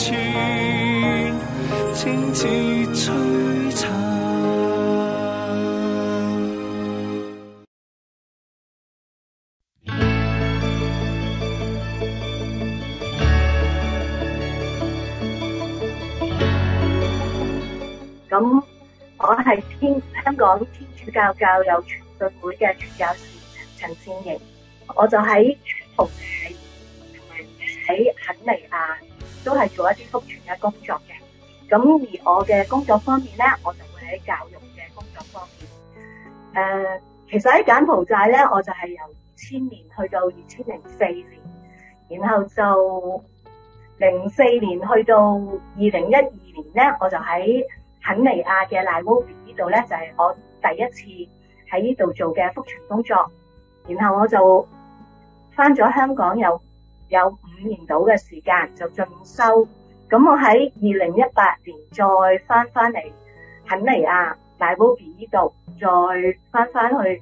咁、嗯，我係天香港天主教教友傳信會嘅傳教士陳先瑩，我就喺同誒，同埋喺肯尼亞。都係做一啲福傳嘅工作嘅，咁而我嘅工作方面咧，我就會喺教育嘅工作方面。誒、呃，其實喺柬埔寨咧，我就係由二千年去到二千零四年，然後就零四年去到二零一二年咧，我就喺肯尼亞嘅奈羅比呢度咧，就係、是、我第一次喺呢度做嘅福傳工作，然後我就返咗香港又。有五年到嘅時間就進修，咁我喺二零一八年再翻翻嚟肯尼亞，大 b 比 b 依度，再翻翻去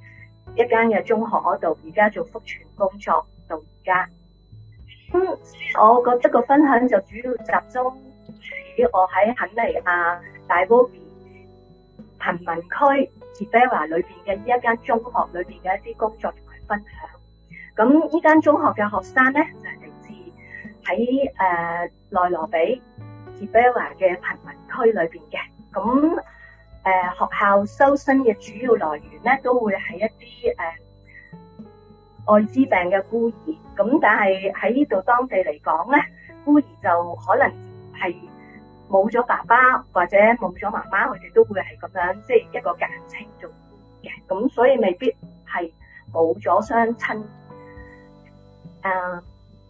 一間嘅中學度，而家做復串工作到而家。嗯，我覺得這個分享就主要集中喺我喺肯尼亞，大 b 比 b 民區 t e b 里 a 裏邊嘅一間中學裏邊嘅一啲工作同埋分享。咁呢間中學嘅學生咧，就係嚟自喺、呃、內羅比傑貝華嘅貧民區裏面嘅。咁、呃、學校收生嘅主要來源咧，都會係一啲誒艾滋病嘅孤兒。咁但係喺呢度當地嚟講咧，孤兒就可能係冇咗爸爸或者冇咗媽媽，佢哋都會係咁樣即係、就是、一個簡稱做嘅。咁所以未必係冇咗雙親。誒，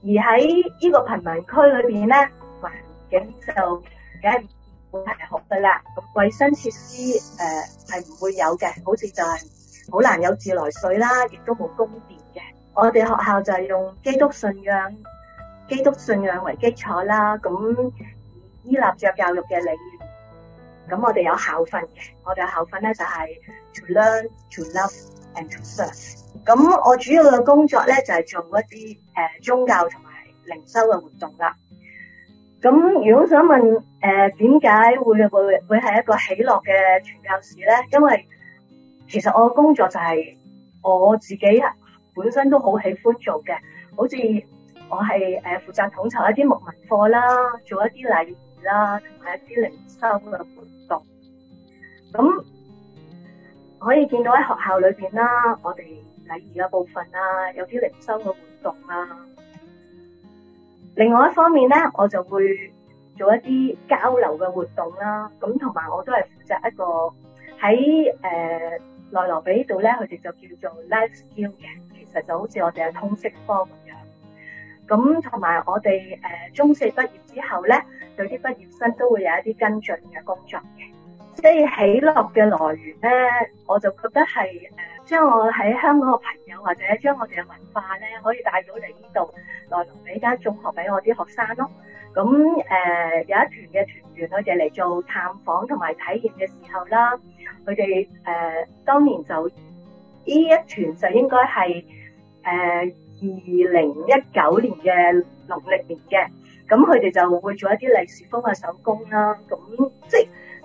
而喺呢個貧民區裏邊咧，環境就梗係唔好睇學嘅啦，衛生設施誒係唔會有嘅，好似就係好難有自來水啦，亦都冇供電嘅。我哋學校就係用基督信仰、基督信仰為基礎啦，咁以依立着教育嘅理念，咁我哋有校訓嘅，我哋嘅校訓咧就係 To learn, to love and to serve。咁我主要嘅工作咧就係、是、做一啲誒、呃、宗教同埋靈修嘅活動啦。咁如果想問誒點解會會會係一個喜樂嘅傳教士咧？因為其實我嘅工作就係我自己本身都好喜歡做嘅，好似我係誒、呃、負責統籌一啲牧民課啦，做一啲禮儀啦，同埋一啲靈修嘅活動。咁可以見到喺學校裏邊啦，我哋禮儀嘅部分啦，有啲靈修嘅活動啦。另外一方面咧，我就會做一啲交流嘅活動啦。咁同埋我都係負責一個喺內、呃、內羅畢呢度咧，佢哋就叫做 life skill 嘅，其實就好似我哋嘅通識科咁樣。咁同埋我哋誒中四畢業之後咧，有啲畢業生都會有一啲跟進嘅工作嘅。即係喜樂嘅來源咧，我就覺得係誒將我喺香港嘅朋友或者將我哋嘅文化咧，可以帶到嚟呢度，來俾間中學俾我啲學生咯、哦。咁誒、呃、有一團嘅團員佢哋嚟做探訪同埋體驗嘅時候啦，佢哋誒當年就呢一團就應該係誒二零一九年嘅農曆年嘅，咁佢哋就會做一啲利是封嘅手工啦，咁即係。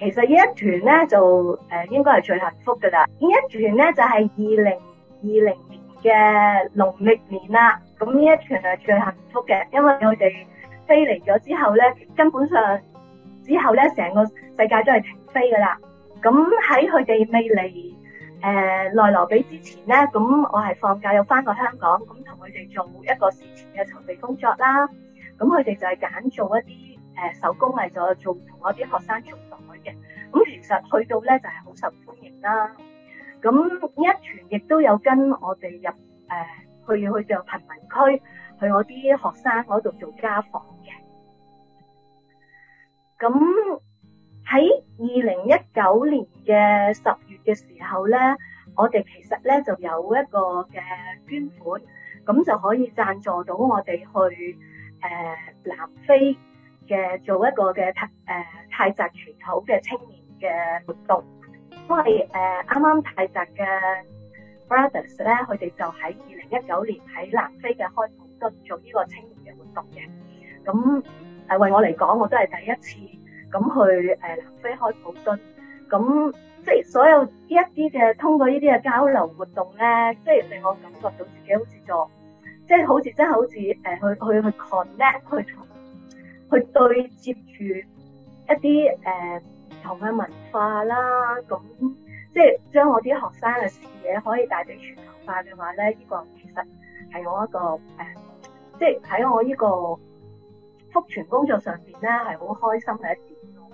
其實呢一團咧就誒、呃、應該係最幸福㗎啦。呢一團咧就係二零二零年嘅農曆年啦。咁呢一團係最幸福嘅，因為佢哋飛嚟咗之後咧，根本上之後咧成個世界都係停飛㗎啦。咁喺佢哋未嚟誒、呃、內羅比之前咧，咁、嗯、我係放假又翻到香港，咁同佢哋做一個事前嘅籌備工作啦。咁佢哋就係揀做一啲誒、呃、手工藝，就做同我啲學生做。咁其實去到咧就係、是、好受歡迎啦。咁呢一團亦都有跟我哋入誒、呃、去去到貧民區，去我啲學生嗰度做家訪嘅。咁喺二零一九年嘅十月嘅時候咧，我哋其實咧就有一個嘅捐款，咁就可以贊助到我哋去誒、呃、南非嘅做一個嘅、呃、泰誒泰澤傳統嘅青年。嘅活動，因為誒啱啱泰籍嘅 brothers 咧，佢、呃、哋就喺二零一九年喺南非嘅開普敦做呢個青年嘅活動嘅。咁誒、呃、為我嚟講，我都係第一次咁去誒、呃、南非開普敦。咁即係所有呢一啲嘅通過呢啲嘅交流活動咧，即係令我感覺到自己好似做即係好似真係好似誒、呃、去去去 connect 去去對接住一啲誒。呃同嘅文化啦，咁即係將我啲學生嘅視野可以帶俾全球化嘅話咧，呢、這個其實係我一個誒、呃，即係喺我呢個福傳工作上邊咧係好開心嘅一點咯。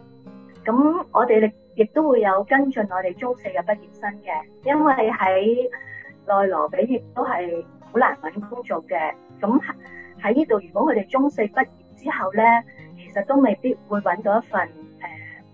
咁我哋亦都會有跟進我哋中四嘅畢業生嘅，因為喺內羅比亦都係好難搵工作嘅。咁喺呢度，如果佢哋中四畢業之後咧，其實都未必會搵到一份。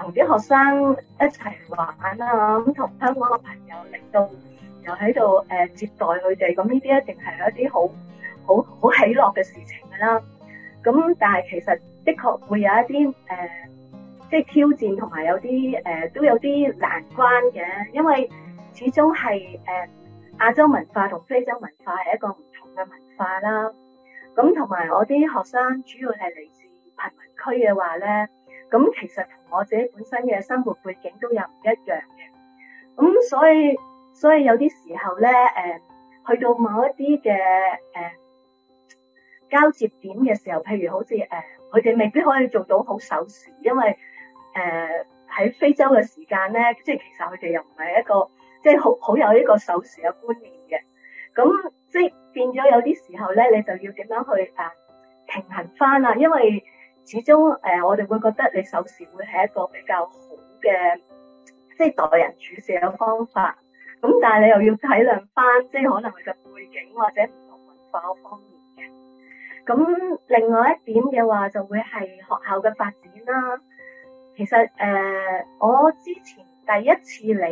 同啲學生一齊玩啦，咁同香港嘅朋友嚟到，又喺度誒接待佢哋，咁呢啲一定係一啲好好好喜樂嘅事情㗎啦。咁但係其實的確會有一啲誒、呃，即係挑戰同埋有啲誒、呃、都有啲難關嘅，因為始終係誒亞洲文化同非洲文化係一個唔同嘅文化啦。咁同埋我啲學生主要係嚟自貧民區嘅話咧。咁其實同我自己本身嘅生活背景都有唔一樣嘅，咁所以所以有啲時候咧，誒去到某一啲嘅誒交接點嘅時候，譬如好似誒佢哋未必可以做到好守時，因為誒喺非洲嘅時間咧，即係其實佢哋又唔係一個即係好好有呢個守時嘅觀念嘅，咁即係變咗有啲時候咧，你就要點樣去誒平衡翻啦，因為。始終誒、呃，我哋會覺得你手勢會係一個比較好嘅，即係待人處事嘅方法。咁但係你又要體諒返，即係可能佢嘅背景或者唔同文化方面嘅。咁另外一點嘅話，就會係學校嘅發展啦。其實誒、呃，我之前第一次嚟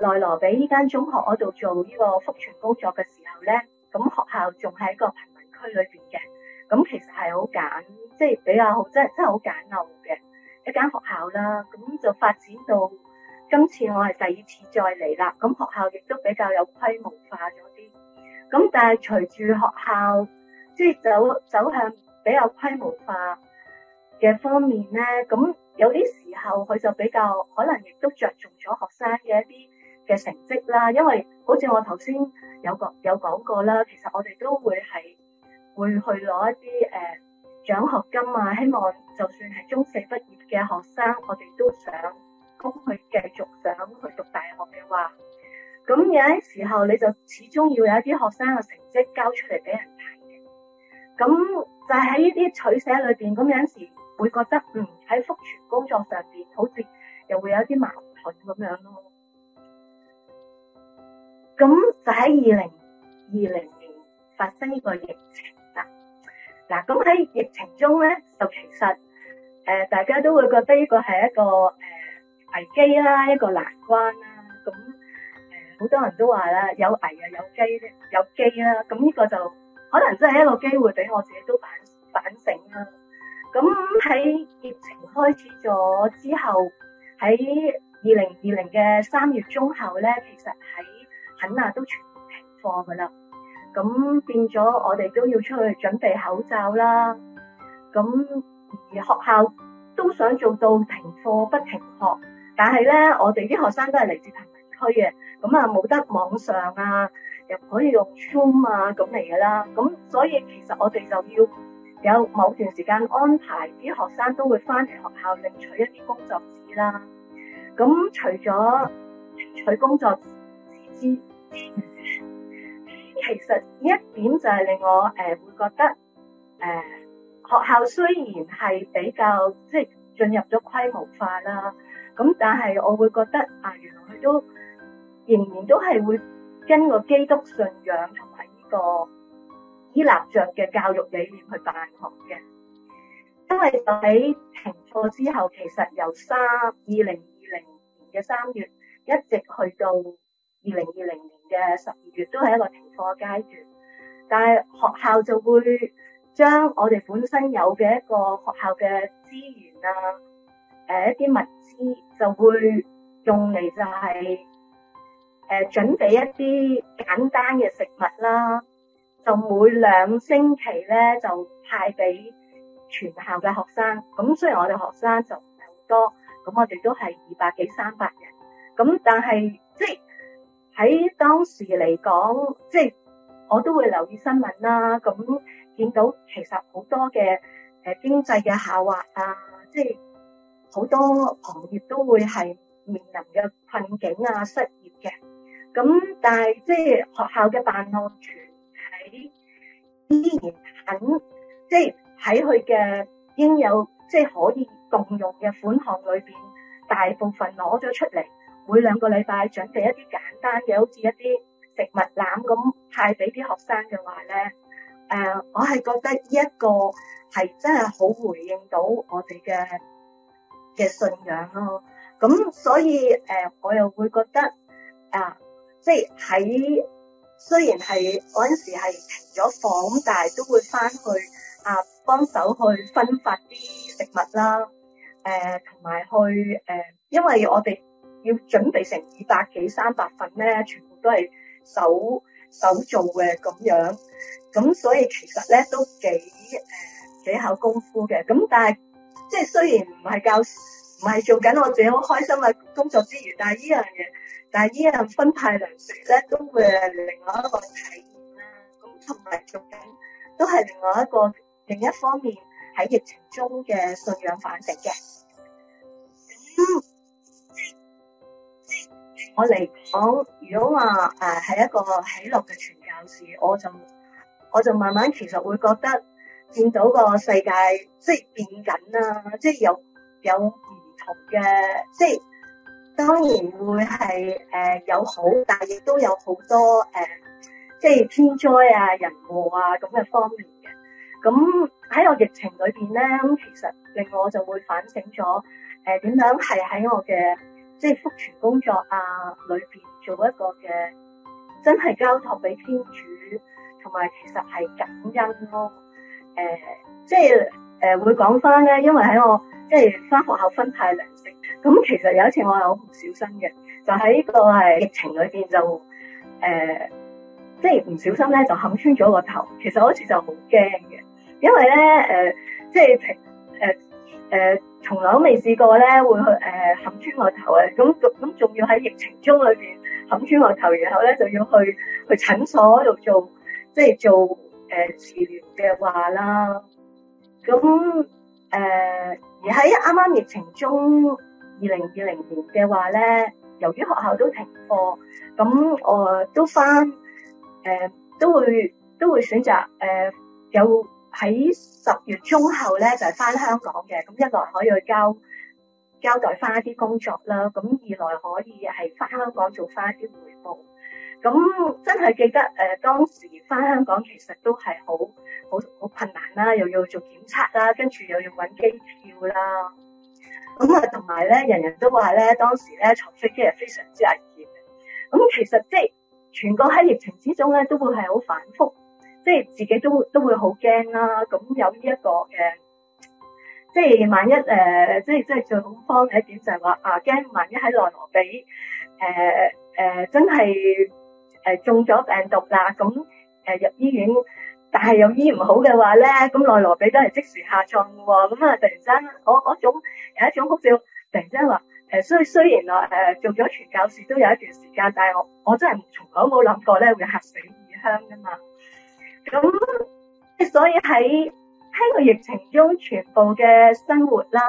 內羅畢依間中學嗰度做呢個福傳工作嘅時候咧，咁學校仲喺個貧民區裏邊嘅。咁其實係好簡，即係比較好，即係真真係好簡陋嘅一間學校啦。咁就發展到今次我係第二次再嚟啦。咁學校亦都比較有規模化咗啲。咁但係隨住學校即係走走向比較規模化嘅方面咧，咁有啲時候佢就比較可能亦都着重咗學生嘅一啲嘅成績啦。因為好似我頭先有講有講過啦，其實我哋都會係。會去攞一啲誒獎學金啊，希望就算係中四畢業嘅學生，我哋都想供佢繼續想去讀大學嘅話，咁有啲時候你就始終要有一啲學生嘅成績交出嚟俾人睇嘅，咁就喺呢啲取捨裏邊，咁有陣時候會覺得，嗯喺福傳工作上邊，好似又會有一啲矛盾咁樣咯，咁就喺二零二零年發生呢個疫情。嗱，咁喺疫情中咧，就其實、呃、大家都會覺得呢個係一個誒危機啦，一個難關啦。咁誒，好多人都話啦，有危啊，有機有機啦。咁呢個就可能真係一個機會，俾我自己都反反省啦。咁喺疫情開始咗之後，喺二零二零嘅三月中後咧，其實喺肯亞都全面停課噶啦。咁變咗，我哋都要出去準備口罩啦。咁而學校都想做到停課不停學，但係咧，我哋啲學生都係嚟自貧民區嘅，咁啊冇得網上啊，又唔可以用 Zoom 啊咁嚟嘅啦。咁所以其實我哋就要有某段時間安排啲學生都會翻嚟學校領取一啲工作紙啦。咁除咗取工作紙之餘，其實一點就係令我誒、呃、會覺得誒、呃、學校雖然係比較即係進入咗規模化啦，咁但係我會覺得啊、呃、原來佢都仍然都係會跟個基督信仰同埋呢個伊納爵嘅教育理念去辦學嘅，因為就喺停課之後，其實由三二零二零年嘅三月一直去到二零二零年。嘅十二月都係一個停課嘅階段，但係學校就會將我哋本身有嘅一個學校嘅資源啊，誒、呃、一啲物資就會用嚟，就係、是、誒、呃、準備一啲簡單嘅食物啦，就每兩星期咧就派俾全校嘅學生，咁雖然我哋學生就唔係好多，咁我哋都係二百幾三百人，咁但係即係。喺當時嚟講，即係我都會留意新聞啦。咁見到其實好多嘅誒經濟嘅下滑啊，即係好多行業都會係面臨嘅困境啊、失業嘅。咁但係即係學校嘅辦學團體依然肯，即係喺佢嘅應有即係可以共用嘅款項裏邊，大部分攞咗出嚟。每兩個禮拜準備一啲簡單嘅，好似一啲食物籃咁派俾啲學生嘅話咧、呃，我係覺得呢一個係真係好回應到我哋嘅嘅信仰咯。咁所以、呃、我又會覺得啊，即係喺雖然係嗰陣時係停咗房，但係都會翻去啊、呃、幫手去分發啲食物啦。同、呃、埋去、呃、因為我哋。要準備成二百幾三百份咧，全部都係手手做嘅咁樣，咁所以其實咧都幾誒幾考功夫嘅。咁但係即係雖然唔係教唔係做緊我自己好開心嘅工作之餘，但係呢樣嘢，但係呢樣分派糧食咧都會係另外一個體驗啦。咁同埋做緊都係另外一個另一方面喺疫情中嘅信仰反應嘅。我嚟講，如果話誒係一個喜樂嘅傳教士，我就我就慢慢其實會覺得見到個世界即係變緊啦，即係有有唔同嘅，即係當然會係誒、呃、有好，但係亦都有好多誒、呃、即係天災啊、人禍啊咁嘅方面嘅。咁喺我疫情裏邊咧，咁其實令我就會反省咗誒點樣係喺我嘅。即係福傳工作啊，裏邊做一個嘅真係交託俾天主，同埋其實係感恩咯、啊。誒、呃，即係誒、呃、會講翻咧，因為喺我即係翻學校分派糧食，咁其實有一次我係好唔小心嘅，就喺呢個係疫情裏邊就誒、呃、即係唔小心咧就冚穿咗個頭，其實好似就好驚嘅，因為咧誒、呃、即係平誒誒。呃呃從來都未試過咧，會去誒冚、呃、穿我頭啊！咁咁仲要喺疫情中裏面冚穿我頭，然後咧就要去去診所度做，即係做誒治療嘅話啦。咁誒、呃、而喺啱啱疫情中二零二零年嘅話咧，由於學校都停課，咁我都返誒、呃、都會都會選擇誒、呃、有。喺十月中後咧就係、是、翻香港嘅，咁一來可以去交交代翻一啲工作啦，咁二來可以係翻香港做翻一啲回報。咁真係記得誒、呃，當時翻香港其實都係好好好困難啦，又要做檢測啦，跟住又要搵機票啦。咁啊，同埋咧，人人都話咧，當時咧坐飛機係非常之危險嘅。咁其實即係，全國喺疫情之中咧，都會係好反覆。即係自己都都會好驚啦，咁有呢、這、一個嘅、呃，即係萬一誒、呃，即係即係最恐慌嘅一點就係話啊驚萬一喺內羅比誒、呃呃、真係、呃、中咗病毒啦，咁、呃、入醫院，但係有醫唔好嘅話咧，咁內羅比都係即時下葬喎，咁啊突然間我嗰種有一種呼召，突然間話、呃、雖然我、呃、做咗傳教士都有一段時間，但係我我真係從來都冇諗過咧會嚇死異鄉噶嘛。咁所以喺喺個疫情中，全部嘅生活啦，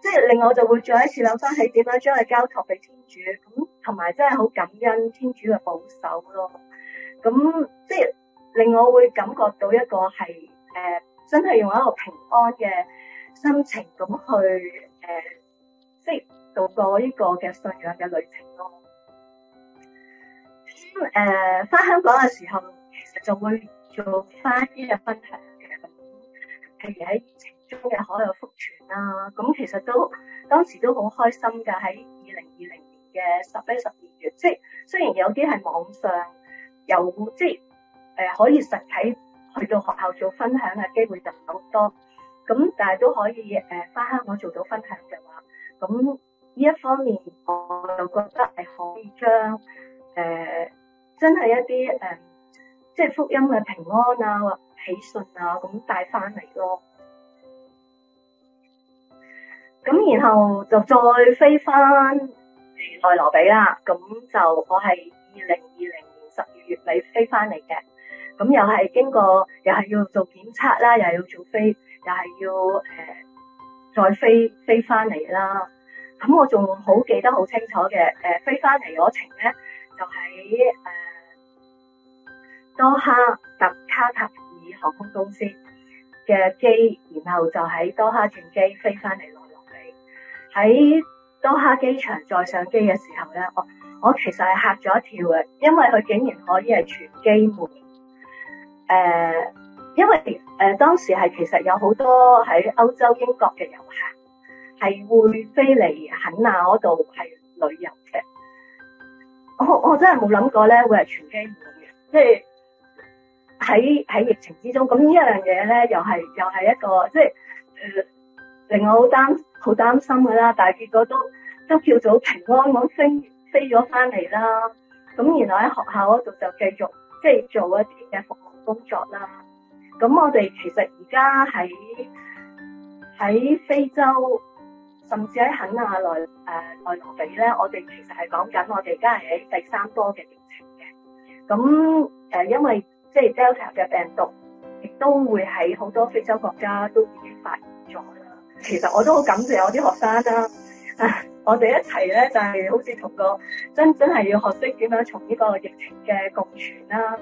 即係令我就會再一次諗翻起點樣將佢交託俾天主，咁同埋真係好感恩天主嘅保守咯。咁即係令我會感覺到一個係誒、呃，真係用一個平安嘅心情咁去誒、呃，即係度過呢個嘅信仰嘅旅程咯。咁、呃、誒，翻香港嘅時候，其實就會。做翻啲嘅分享嘅，譬如喺疫情中嘅可有復傳啦，咁其實都當時都好開心噶。喺二零二零年嘅十一、十二月，即係雖然有啲係網上，有即係誒、呃、可以實體去到學校做分享嘅機會就唔好多，咁但係都可以誒翻香港做到分享嘅話，咁呢一方面我就覺得係可以將誒、呃、真係一啲誒。呃即係福音嘅平安啊，或喜訊啊，咁帶翻嚟咯。咁然後就再飛翻嚟內羅比啦。咁就我係二零二零年十二月尾飛翻嚟嘅。咁又係經過，又係要做檢測啦，又係要做飛，又係要誒、呃、再飛飛翻嚟啦。咁我仲好記得好清楚嘅，誒、呃、飛翻嚟嗰程咧，就喺、是、誒。呃多哈搭卡塔爾航空公司嘅機，然後就喺多哈轉機飛翻嚟內羅畢。喺多哈機場再上機嘅時候咧，我我其實係嚇咗一跳嘅，因為佢竟然可以係全機滿。誒、呃，因為誒、呃、當時係其實有好多喺歐洲英國嘅遊客係會飛嚟肯亞嗰度係旅遊嘅。我我真係冇諗過咧，會係全機滿嘅，即係。喺喺疫情之中，咁呢一樣嘢咧，又係又係一個即係誒、呃，令我好擔好擔心噶啦。但係結果都都叫做平安咁飛飛咗翻嚟啦。咁然後喺學校嗰度就繼續即係做一啲嘅服務工作啦。咁我哋其實而家喺喺非洲，甚至喺肯亞內誒、呃、內羅比咧，我哋其實係講緊我哋而家係喺第三波嘅疫情嘅。咁誒、呃，因為即係 Delta 嘅病毒，亦都會喺好多非洲國家都已經發現咗啦。其實我都好感謝我啲學生啦、啊啊，我哋一齊咧就係、是、好似同個真真係要學識點樣從呢個疫情嘅共存啦、啊。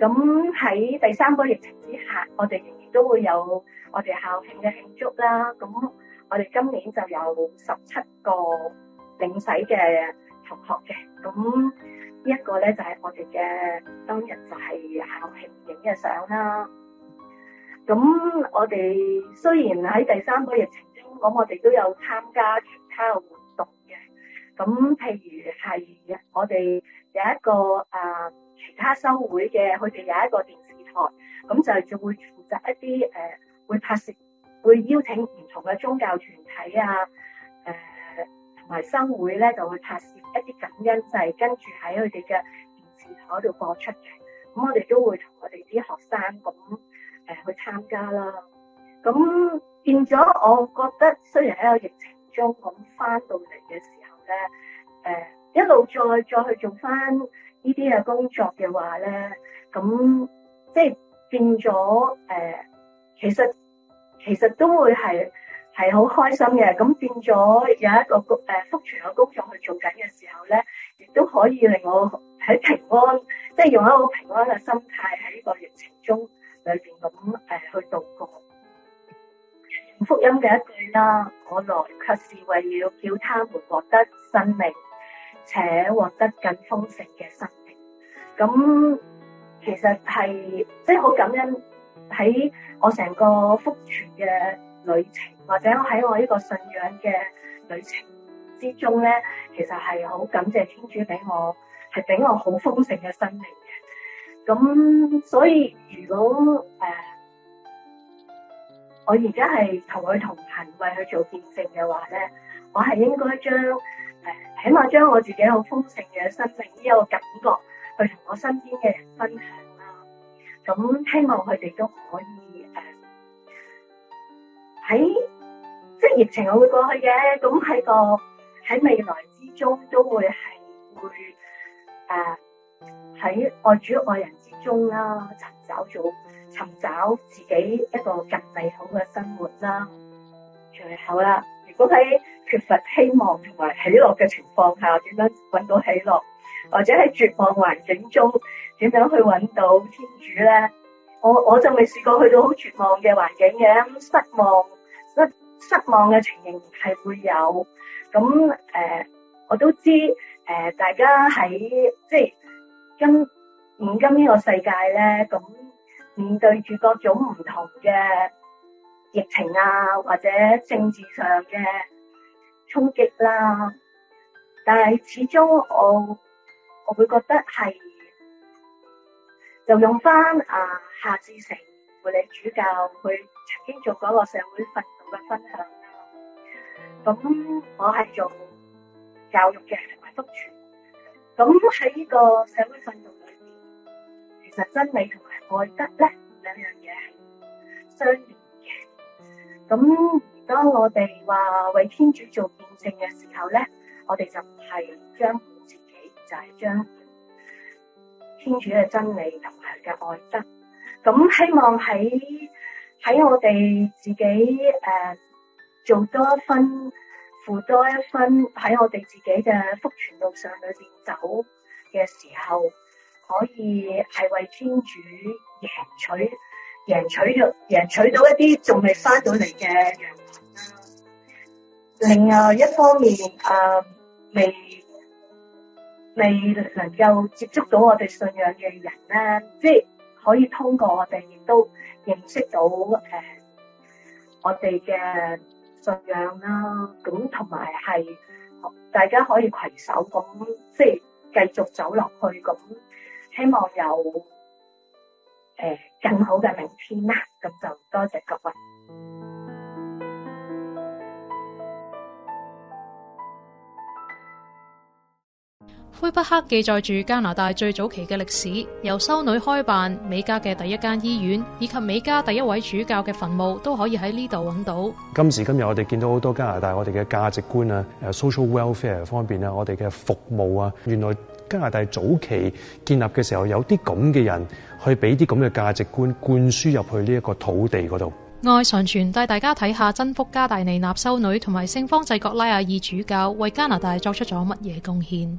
咁喺第三個疫情之下，我哋仍然都會有我哋校慶嘅慶祝啦。咁我哋今年就有十七個領洗嘅同學嘅咁。呢一個咧就係我哋嘅當日就係校慶影嘅相啦。咁我哋雖然喺第三個疫情中，咁我哋都有參加其他嘅活動嘅。咁譬如係我哋有一個啊、呃、其他修會嘅，佢哋有一個電視台，咁就就會負責一啲誒、呃、會拍攝，會邀請唔同嘅宗教團體啊。同埋生會咧，就會拍攝一啲感恩祭，跟住喺佢哋嘅電視台度播出嘅。咁我哋都會同我哋啲學生咁誒、呃、去參加啦。咁變咗，我覺得雖然喺個疫情中咁翻到嚟嘅時候咧，誒、呃、一路再再去做翻呢啲嘅工作嘅話咧，咁即係變咗誒、呃，其實其實都會係。係好開心嘅，咁變咗有一個誒福傳嘅工作去做緊嘅時候咧，亦都可以令我喺平安，即係用一個平安嘅心態喺呢個疫情中裏邊咁誒去度過。全福音嘅一句啦，我來卻是為了叫他們獲得生命，且獲得更豐盛嘅生命。咁其實係即係好感恩喺我成個福傳嘅。旅程或者我喺我呢個信仰嘅旅程之中咧，其實係好感謝天主俾我係俾我好豐盛嘅生命嘅。咁所以如果誒、呃、我而家係同佢同行為去做見證嘅話咧，我係應該將誒、呃、起碼將我自己好豐盛嘅生命呢一個感覺，去同我身邊嘅人分享啦。咁希望佢哋都可以。喺、哎、即係疫情，我會過去嘅。咁喺個喺未來之中，都會係會誒喺愛主愛人之中啦，尋找咗尋找自己一個更美好嘅生活啦。最後啦，如果喺缺乏希望同埋喜樂嘅情況下，點樣搵到喜樂，或者喺絕望環境中點樣去搵到天主咧？我我就未試過去到好絕望嘅環境嘅咁失望。失望嘅情形係會有，咁誒、呃，我都知誒、呃，大家喺即係今現今呢個世界咧，咁、嗯、面對住各種唔同嘅疫情啊，或者政治上嘅衝擊啦，但係始終我我會覺得係就用翻啊夏志誠輔理主教佢曾經做嗰個社會訓嘅分享啦，咁我係做教育嘅，同埋福傳，咁喺呢個社會訓導裏邊，其實真理同埋愛德咧，兩樣嘢係相連嘅。咁而當我哋話為天主做見證嘅時候咧，我哋就係將自己就係、是、將天主嘅真理同埋佢嘅愛德，咁希望喺。喺我哋自己誒、呃、做多一分，付多一分，喺我哋自己嘅福傳路上裏邊走嘅時候，可以係為天主贏取、贏取咗贏取到一啲仲未翻到嚟嘅羊啦。另外一方面，誒、呃、未未能夠接觸到我哋信仰嘅人咧，即係可以通過我哋亦都。認識到誒、呃、我哋嘅信仰啦，咁同埋係大家可以攜手，咁即係繼續走落去，咁希望有誒、呃、更好嘅明天啦，咁就多謝各位。灰不黑記載住加拿大最早期嘅歷史，由修女開辦美加嘅第一間醫院，以及美加第一位主教嘅墳墓，都可以喺呢度揾到。今時今日，我哋見到好多加拿大，我哋嘅價值觀啊，social welfare 方面啊，我哋嘅服務啊，原來加拿大早期建立嘅時候，有啲咁嘅人去俾啲咁嘅價值觀灌輸入去呢一個土地嗰度。外上傳帶大家睇下真福加大尼納修女同埋聖方濟各拉亞爾主教為加拿大作出咗乜嘢貢獻。